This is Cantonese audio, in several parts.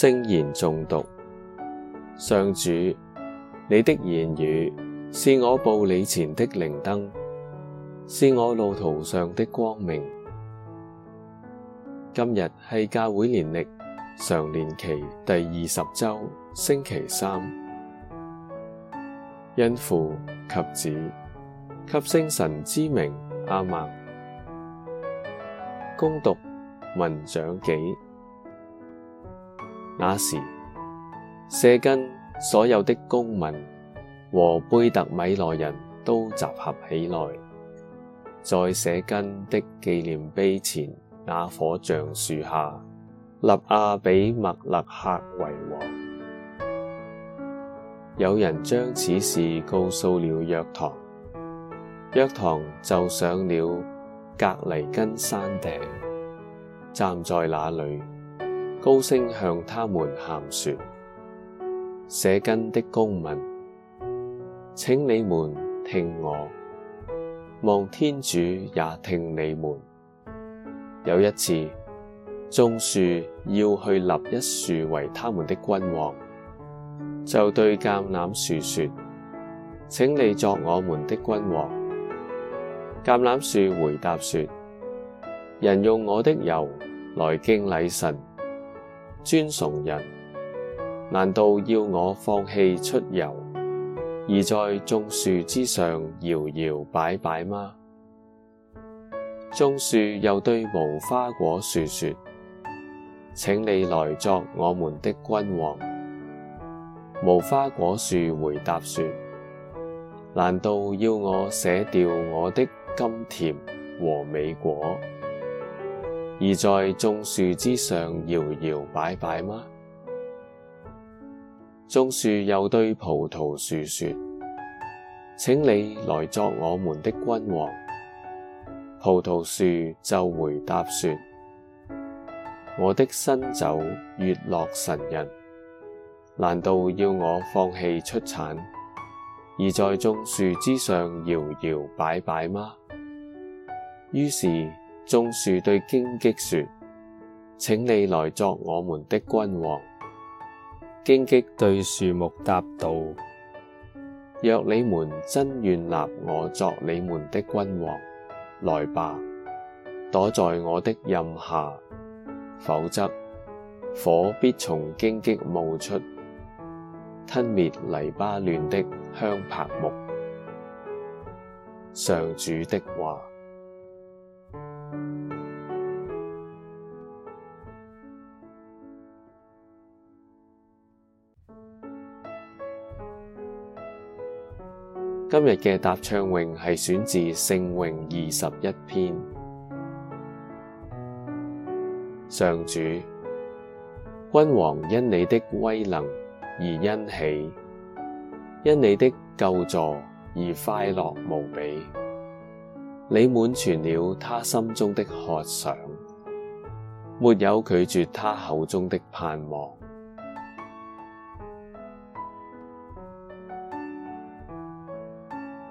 聖言誦讀。上主，你的言語是我步履前的靈燈，是我路途上的光明。今日係教會年曆常年期第二十周，星期三。因父及子及聖神之名阿們，恭讀民長紀。那時，舍根所有的公民和貝特米羅人都集合起來，在舍根的紀念碑前那棵橡樹下立阿彼默肋客為王。有人將此事告訴了約堂，約堂就上了革黎斤山頂，站在那裏。高聲向他們喊說：舍根的公民，請你們聽我，望天主也聽你們。有一次，眾樹要去立一樹為他們的君王，就對橄欖樹說：請你作我們的君王。橄欖樹回答說：人用我的油來敬禮神，尊崇人，難道要我放棄出油，而在眾樹之上搖搖擺擺擺嗎？眾樹又對無花果樹說：請你來作我們的君王。無花果樹回答說：難道要我捨掉我的甘甜和美果？而在眾樹之上搖搖擺擺，擺嗎？眾樹又對葡萄樹說：請你來作我們的君王。葡萄樹就回答說：我的新酒悅樂神人，難道要我放棄出產，而在眾樹之上搖搖擺擺，擺，擺擺嗎？於是。眾樹對荊棘說：請你來作我們的君王。荊棘對樹木答道：若你們真願立我作你們的君王，來吧，躲在我的蔭下，否則火必從荊棘冒出，吞滅黎巴嫩的香柏木。上主的話。今日嘅答唱詠係選自聖詠二十一篇。上主，君王因你的威能而欣喜，因你的救助而快樂無比。你滿全了他心中的渴想，沒有拒絕他口中的盼望。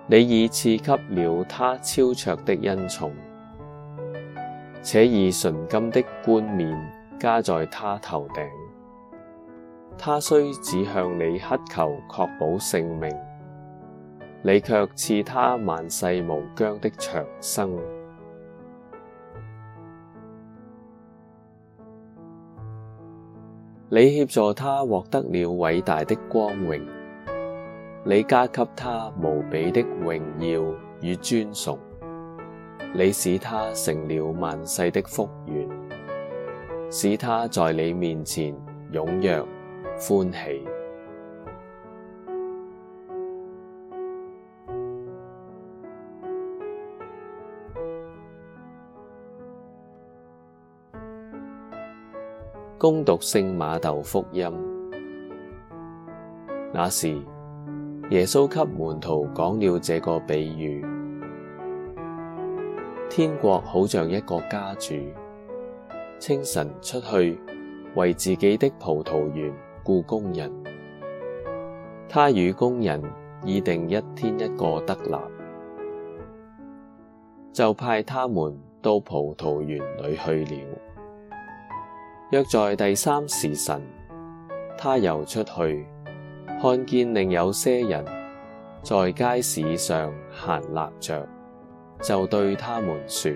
你已賜給了他超卓的恩寵，且以純金的冠冕加在他頭頂。他雖只向你乞求確保性命，你卻賜他萬世無疆的長生。你協助他獲得了偉大的光榮。你加給他無比的榮耀與尊崇，你使他成了萬世的福源，使他在你面前踴躍歡喜。恭讀聖瑪竇福音，那時，耶穌給門徒講了這個比喻：天國好像一個家主，清晨出去為自己的葡萄園僱工人，他與工人議定一天一個德納，就派他們到葡萄園裏去了。約在第三時辰，他又出去。看見另有些人在街市上閒立着，就對他們說：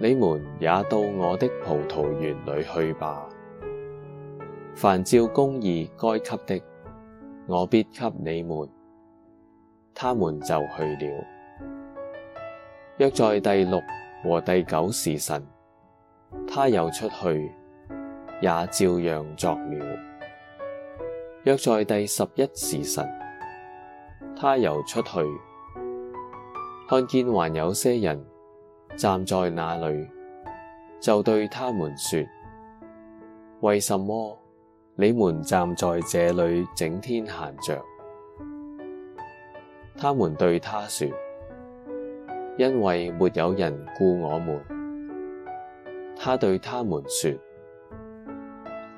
你們也到我的葡萄園裏去吧。凡照公義該給的，我必給你們。他們就去了。約在第六和第九時辰，他又出去，也照樣作了。約在第十一時辰，他又出去，看見還有些人站在那裏，就對他們說：為什麼你們站在這裏整天閒着？他們對他說：因為沒有人僱我們。他對他們說。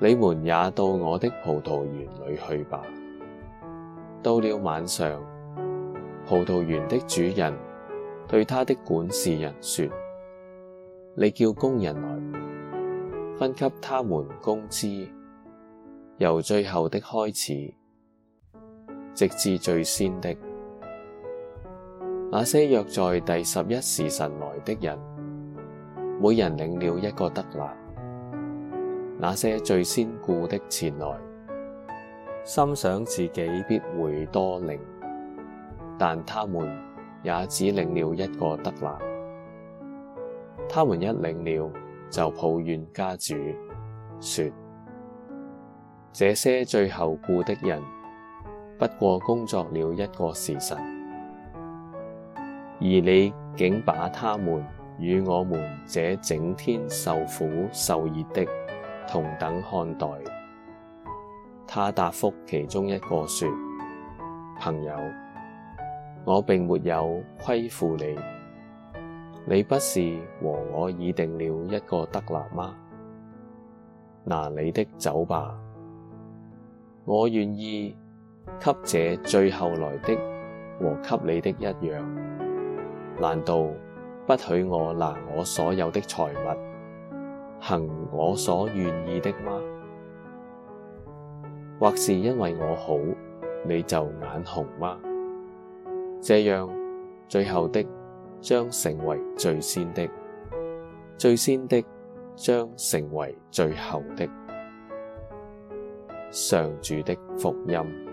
你們也到我的葡萄園裏去吧。到了晚上，葡萄園的主人對他的管事人說：你叫工人來，分給他們工資，由最後的開始，直至最先的。那些約在第十一時辰來的人，每人領了一個德納。那些最先僱的前來，心想自己必會多領，但他們也只領了一個德納。他們一領了，就抱怨家主，說：這些最後僱的人，不過工作了一個時辰，而你竟把他們與我們這整天受苦受熱的，同等看待。他答覆其中一個說：朋友，我並沒有虧負你。你不是和我議定了一個德納嗎？拿你的走吧，我願意給這最後來的和給你的一樣。難道不許我拿我所有的財物，行我所願意的嗎？或是因為我好，你就眼紅嗎？這樣，最後的將成為最先的，最先的將成為最後的。上主的福音。